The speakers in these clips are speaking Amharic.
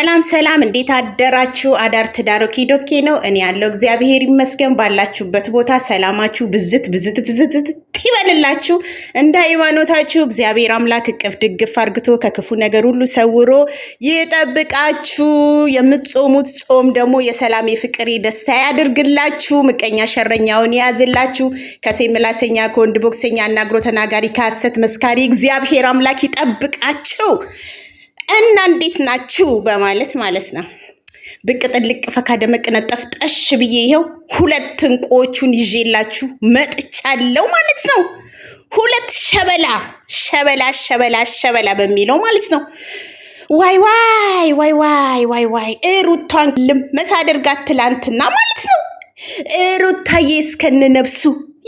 ሰላም ሰላም፣ እንዴት አደራችሁ? አዳር ትዳር ዶኬ ነው። እኔ ያለው እግዚአብሔር ይመስገን። ባላችሁበት ቦታ ሰላማችሁ ብዝት ብዝት ትዝት ይበልላችሁ። እንደ ሃይማኖታችሁ እግዚአብሔር አምላክ እቅፍ ድግፍ አርግቶ ከክፉ ነገር ሁሉ ሰውሮ ይጠብቃችሁ። የምትጾሙት ጾም ደግሞ የሰላም የፍቅር ደስታ ያድርግላችሁ። ምቀኛ ሸረኛውን የያዝላችሁ። ከሴ ምላሰኛ ከወንድ ቦክሰኛ አናግሮ ተናጋሪ ከሐሰት መስካሪ እግዚአብሔር አምላክ ይጠብቃችሁ። እና እንዴት ናችሁ በማለት ማለት ነው ብቅ ጥልቅ ፈካ ደመቅ ነጠፍ ጠሽ ብዬ ይኸው ሁለት እንቁዎቹን ይዤላችሁ መጥቻለሁ ማለት ነው። ሁለት ሸበላ ሸበላ ሸበላ ሸበላ በሚለው ማለት ነው። ዋይ ዋይ ዋይ ዋይ ዋይ ዋይ እሩቷን ልም አደርጋት ትላንትና ማለት ነው። እሩታዬ እስከንነብሱ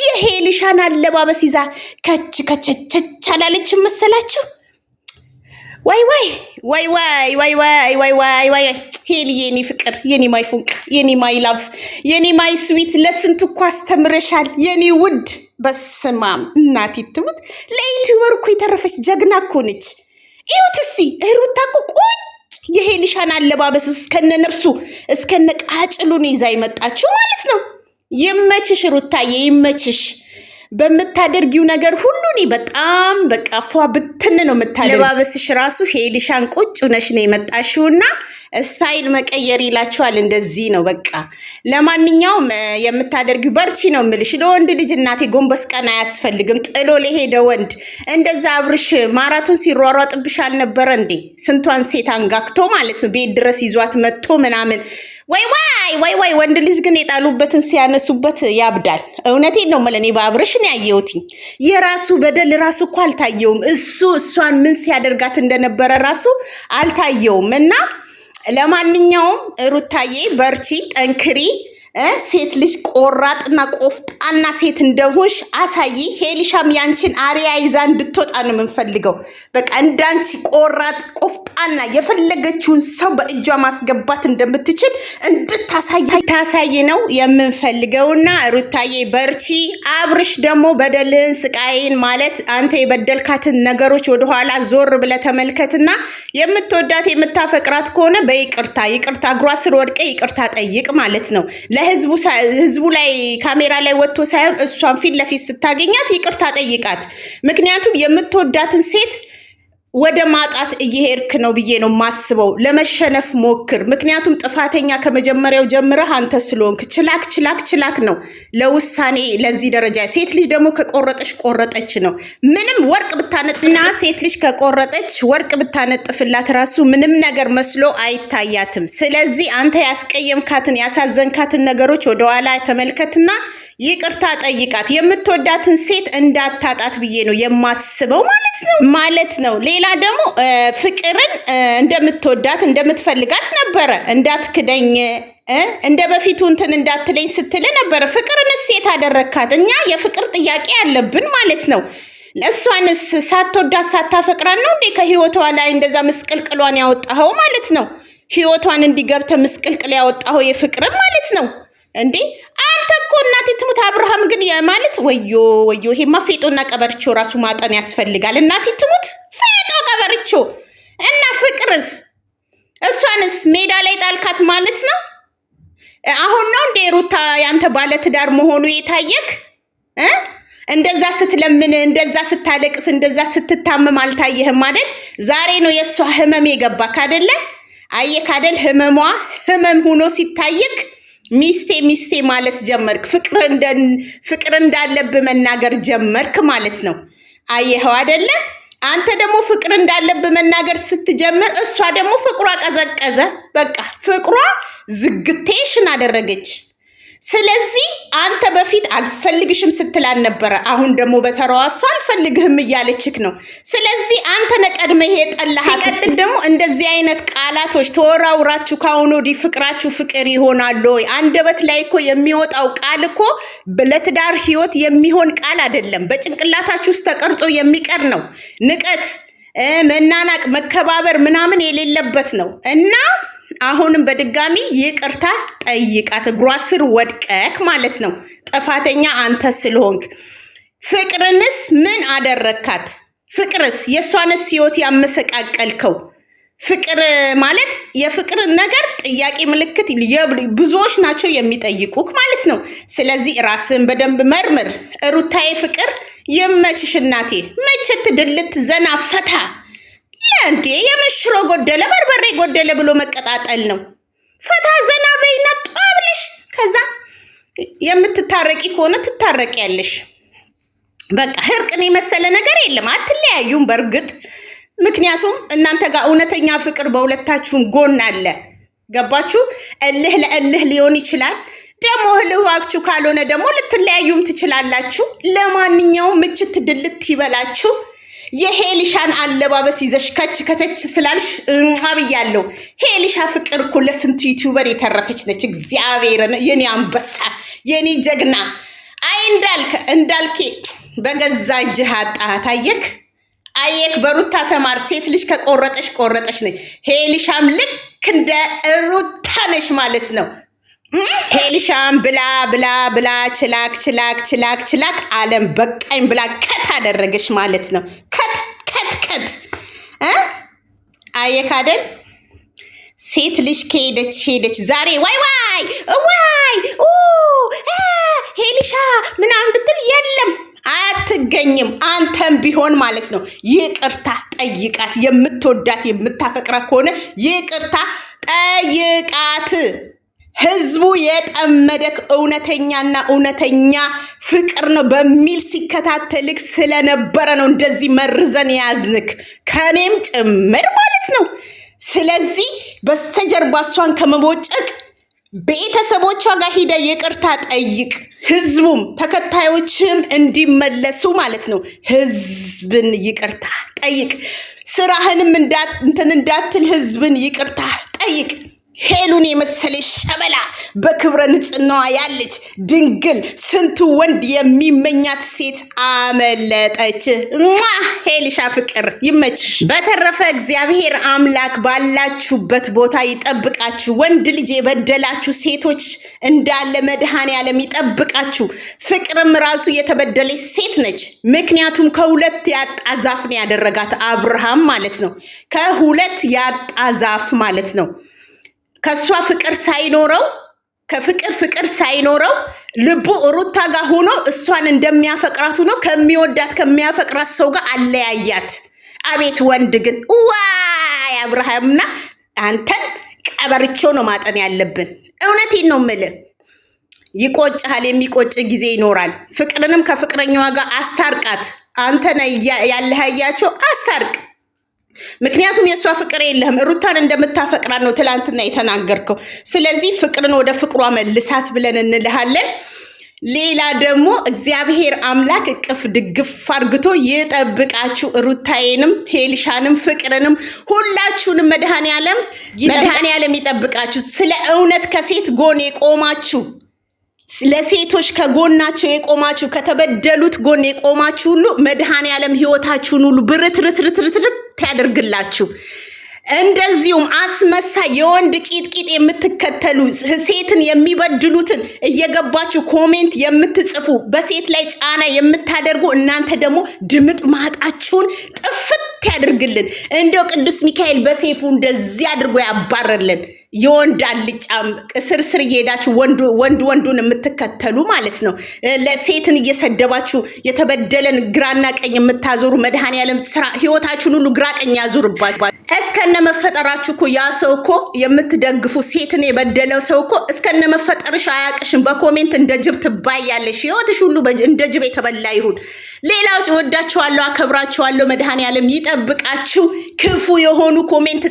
የሄልሻን አለባበስ ይዛ ከች ከቸቸች አላለችም መሰላችሁ? ወይ ወይ ወይ ወይ ወይ ወይ ወይ ወይ ወይ ሄሊ የኔ ፍቅር የኔ ማይ ፉንቅ የኔ ማይ ላቭ የኔ ማይ ስዊት ለስንቱ እኮ አስተምረሻል የኔ ውድ። በስማም እናቴ ትሙት ለዩቲዩበር እኮ የተረፈች ጀግና እኮ ነች። ይሁት እስቲ እህሩታ እኮ ቁጭ የሄሊሻን አለባበስ እስከነ ነብሱ እስከነ ቃጭሉን ይዛ ይመጣችሁ ማለት ነው። ይመችሽ ሩታዬ ይመችሽ። በምታደርጊው ነገር ሁሉ እኔ በጣም በቃ ፏ ብትን ነው የምታደርጊው። ለባበስሽ ራሱ ሄልሻን ቁጭ ነሽ ነው የመጣሽውና ስታይል መቀየር ይላችኋል። እንደዚህ ነው በቃ። ለማንኛውም የምታደርጊው በርቺ ነው የምልሽ። ለወንድ ልጅ እናቴ ጎንበስ ቀን አያስፈልግም። ጥሎ ለሄደ ወንድ እንደዛ አብርሽ ማራቶን ሲሯሯጥብሽ አልነበረ እንዴ? ስንቷን ሴት አንጋክቶ ማለት ነው ቤት ድረስ ይዟት መጥቶ ምናምን ወይ ወይ ወይ ወይ ወንድ ልጅ ግን የጣሉበትን ሲያነሱበት ያብዳል። እውነቴን ነው የምልህ። እኔ በአብርሽ ነው የራሱ በደል ራሱ እኮ አልታየውም። እሱ እሷን ምን ሲያደርጋት እንደነበረ ራሱ አልታየውም እና ለማንኛውም ሩታዬ በርቺ፣ ጠንክሪ። ሴት ልጅ ቆራጥና ቆፍጣና ሴት እንደሆንሽ አሳይ። ሄሊሻም ያንቺን አሪያ ይዛ እንድትወጣ ነው የምንፈልገው። በቃ እንዳንቺ ቆራጥ ቆፍጣና የፈለገችውን ሰው በእጇ ማስገባት እንደምትችል እንድታሳይ ነው የምንፈልገውና ሩታዬ በርቺ። አብርሽ ደግሞ በደልህን ስቃይን ማለት አንተ የበደልካትን ነገሮች ወደኋላ ዞር ብለህ ተመልከትና የምትወዳት የምታፈቅራት ከሆነ በይቅርታ ይቅርታ እግሯ ስር ይቅርታ ጠይቅ ማለት ነው። ለህዝቡ ህዝቡ ላይ ካሜራ ላይ ወጥቶ ሳይሆን እሷን ፊት ለፊት ስታገኛት ይቅርታ ጠይቃት። ምክንያቱም የምትወዳትን ሴት ወደ ማጣት እየሄድክ ነው ብዬ ነው ማስበው። ለመሸነፍ ሞክር። ምክንያቱም ጥፋተኛ ከመጀመሪያው ጀምረህ አንተ ስለሆንክ ችላክ ችላክ ችላክ ነው ለውሳኔ ለዚህ ደረጃ። ሴት ልጅ ደግሞ ከቆረጠች ቆረጠች ነው። ምንም ወርቅ ብታነጥና ሴት ልጅ ከቆረጠች ወርቅ ብታነጥፍላት ራሱ ምንም ነገር መስሎ አይታያትም። ስለዚህ አንተ ያስቀየምካትን ያሳዘንካትን ነገሮች ወደኋላ ተመልከትና ይቅርታ ጠይቃት። የምትወዳትን ሴት እንዳታጣት ብዬ ነው የማስበው ማለት ነው ማለት ነው። ሌላ ደግሞ ፍቅርን እንደምትወዳት እንደምትፈልጋት ነበረ። እንዳትክደኝ እንደ በፊቱ እንትን እንዳትለኝ ስትል ነበረ። ፍቅርንስ ሴት አደረግካት። እኛ የፍቅር ጥያቄ ያለብን ማለት ነው። እሷንስ ሳትወዳት ሳታፈቅራት ነው እንዴ ከህይወቷ ላይ እንደዛ ምስቅልቅሏን ያወጣኸው ማለት ነው። ህይወቷን እንዲገብተ ምስቅልቅል ያወጣኸው የፍቅርን ማለት ነው እንዴ ወዮ ወዮ፣ ይሄማ ፌጦና ቀበርቾ ራሱ ማጠን ያስፈልጋል። እናቴ ትሙት ፌጦ ቀበርቾ እና ፍቅርስ እሷንስ ሜዳ ላይ ጣልካት ማለት ነው። አሁን ነው እንደ ሩታ ያንተ ባለትዳር መሆኑ የታየክ? እንደዛ ስትለምን፣ እንደዛ ስታለቅስ፣ እንደዛ ስትታመም አልታየህም አይደል? ዛሬ ነው የእሷ ህመም የገባክ አይደለ? አየክ አይደል? ህመሟ ህመም ሆኖ ሲታየክ ሚስቴ ሚስቴ ማለት ጀመርክ። ፍቅር እንዳለብህ መናገር ጀመርክ ማለት ነው። አየኸው አይደለ? አንተ ደግሞ ፍቅር እንዳለብህ መናገር ስትጀምር፣ እሷ ደግሞ ፍቅሯ ቀዘቀዘ። በቃ ፍቅሯ ዝግቴሽን አደረገች። ስለዚህ አንተ በፊት አልፈልግሽም ስትላል ነበረ። አሁን ደግሞ በተራዋ እሷ አልፈልግህም እያለችክ ነው። ስለዚህ አንተ ነቀድመ ይሄ የጠላህ። ሲቀጥል ደግሞ እንደዚህ አይነት ቃላቶች ተወራውራችሁ ከአሁን ወዲህ ፍቅራችሁ ፍቅር ይሆናል ወይ? አንደበት ላይ እኮ የሚወጣው ቃል እኮ ለትዳር ህይወት የሚሆን ቃል አይደለም። በጭንቅላታችሁ ውስጥ ተቀርጾ የሚቀር ነው። ንቀት፣ መናናቅ፣ መከባበር ምናምን የሌለበት ነው እና አሁንም በድጋሚ ይቅርታ ጠይቃት። እግሯ ስር ወድቀክ ማለት ነው። ጥፋተኛ አንተ ስለሆንክ ፍቅርንስ ምን አደረግካት? ፍቅርስ የእሷንስ ህይወት ያመሰቃቀልከው? ፍቅር ማለት የፍቅር ነገር ጥያቄ ምልክት ብዙዎች ናቸው የሚጠይቁክ ማለት ነው። ስለዚህ ራስን በደንብ መርምር። ሩታዬ ፍቅር ይመችሽ እናቴ። ምችት ድልት ዘና ፈታ እንዴ የምሽሮ ጎደለ በርበሬ ጎደለ ብሎ መቀጣጠል ነው። ፈታ ዘና በይና ከዛ የምትታረቂ ከሆነ ትታረቂያለሽ። በቃ እርቅን የመሰለ ነገር የለም። አትለያዩም በእርግጥ ምክንያቱም እናንተ ጋር እውነተኛ ፍቅር በሁለታችሁም ጎን አለ። ገባችሁ? እልህ ለእልህ ሊሆን ይችላል። ደግሞ እልህዋችሁ ካልሆነ ደግሞ ልትለያዩም ትችላላችሁ። ለማንኛውም ምችት ድልት ይበላችሁ። የሄሊሻን አለባበስ ይዘሽ ከች ከቸች ስላልሽ ብያለሁ። ሄሊሻ ፍቅር እኮ ለስንት ዩቲዩበር የተረፈች ነች። እግዚአብሔር የኔ አንበሳ፣ የኔ ጀግና። አይ እንዳልክ እንዳልኬ በገዛ እጅህ አጣሃት። አየክ አየክ፣ በሩታ ተማር። ሴት ልጅ ከቆረጠሽ ቆረጠሽ ነች። ሄሊሻም ልክ እንደ ሩታ ነች ማለት ነው። ሄልሻም ብላ ብላ ብላ ችላክ ችላክ ችላክ ችላክ አለም በቃኝ ብላ ከት አደረገች ማለት ነው። ከት ከት ከት አየካደን ሴት ልጅ ከሄደች ሄደች። ዛሬ ዋይ ዋይ ዋይ ሄልሻ ምናምን ብትል የለም አትገኝም። አንተም ቢሆን ማለት ነው ይቅርታ ጠይቃት። የምትወዳት የምታፈቅራት ከሆነ ይቅርታ ጠይቃት። ህዝቡ የጠመደክ እውነተኛና እውነተኛ ፍቅር ነው በሚል ሲከታተልክ ስለነበረ ነው እንደዚህ መርዘን ያዝንክ ከእኔም ጭምር ማለት ነው። ስለዚህ በስተጀርባ እሷን ከመቦጨቅ ቤተሰቦቿ ጋር ሂደ ይቅርታ ጠይቅ። ህዝቡም ተከታዮችም እንዲመለሱ ማለት ነው። ህዝብን ይቅርታ ጠይቅ። ስራህንም እንትን እንዳትል ህዝብን ይቅርታ ጠይቅ። ሄሉን የመሰለች ሸበላ በክብረ ንጽህናዋ ያለች ድንግል ስንቱ ወንድ የሚመኛት ሴት አመለጠች። ማ ሄልሻ ፍቅር ይመችሽ። በተረፈ እግዚአብሔር አምላክ ባላችሁበት ቦታ ይጠብቃችሁ። ወንድ ልጅ የበደላችሁ ሴቶች እንዳለ መድኃኔ ዓለም ይጠብቃችሁ። ፍቅርም ራሱ የተበደለች ሴት ነች። ምክንያቱም ከሁለት ያጣ ዛፍ ነው ያደረጋት አብርሃም ማለት ነው። ከሁለት ያጣ ዛፍ ማለት ነው። ከእሷ ፍቅር ሳይኖረው ከፍቅር ፍቅር ሳይኖረው ልቡ ሩታ ጋር ሆኖ እሷን እንደሚያፈቅራት ሆኖ ከሚወዳት ከሚያፈቅራት ሰው ጋር አለያያት። አቤት ወንድ ግን ዋይ አብርሃምና አንተን ቀበርቾ ነው ማጠን ያለብን። እውነቴን ነው የምልህ። ይቆጭሃል። የሚቆጭ ጊዜ ይኖራል። ፍቅርንም ከፍቅረኛዋ ጋር አስታርቃት። አንተ ያለያያቸው፣ አስታርቅ። ምክንያቱም የእሷ ፍቅር የለህም። ሩታን እንደምታፈቅራት ነው ትላንትና የተናገርከው። ስለዚህ ፍቅርን ወደ ፍቅሯ መልሳት ብለን እንልሃለን። ሌላ ደግሞ እግዚአብሔር አምላክ እቅፍ ድግፍ አርግቶ ይጠብቃችሁ። ሩታዬንም፣ ሄልሻንም፣ ፍቅርንም ሁላችሁንም መድኃኔ ዓለም ይጠብቃችሁ። ስለ እውነት ከሴት ጎን የቆማችሁ ለሴቶች ከጎናቸው የቆማችሁ ከተበደሉት ጎን የቆማችሁ ሁሉ መድኃኔ ዓለም ህይወታችሁን ሁሉ ብርትርትርትርት ያደርግላችሁ። እንደዚሁም አስመሳይ የወንድ ቂጥቂጥ የምትከተሉ ሴትን የሚበድሉትን እየገባችሁ ኮሜንት የምትጽፉ በሴት ላይ ጫና የምታደርጉ እናንተ ደግሞ ድምጥ ማጣችሁን ጥፍት ያደርግልን። እንደው ቅዱስ ሚካኤል በሴፉ እንደዚህ አድርጎ ያባረልን። የወንድ አልጫም ቅስር ስር እየሄዳችሁ ወንድ ወንዱን የምትከተሉ ማለት ነው። ለሴትን እየሰደባችሁ የተበደለን ግራና ቀኝ የምታዞሩ መድኃኔዓለም ስራ ህይወታችሁን ሁሉ ግራ ቀኝ ያዙርባችሁ። እስከነ መፈጠራችሁ እኮ ያ ሰው እኮ የምትደግፉ ሴትን የበደለው ሰው እኮ እስከነ መፈጠርሽ አያቅሽም። በኮሜንት እንደ ጅብ ትባያለሽ። ህይወትሽ ሁሉ እንደ ጅብ የተበላ ይሁን። ሌላው ወዳችኋለሁ፣ አከብራችኋለሁ። መድኃኔዓለም ይጠብቃችሁ። ክፉ የሆኑ ኮሜንት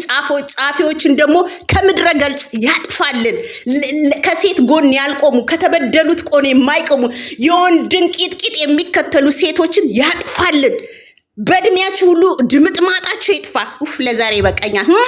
ጻፊዎችን ደግሞ ከምድረ ገልጽ ያጥፋልን። ከሴት ጎን ያልቆሙ ከተበደሉት ቆን የማይቆሙ የወንድን ቂጥቂጥ የሚከተሉ ሴቶችን ያጥፋልን። በእድሜያችሁ ሁሉ ድምጥ ማጣችሁ ይጥፋ። ኡፍ ለዛሬ ይበቃኛል።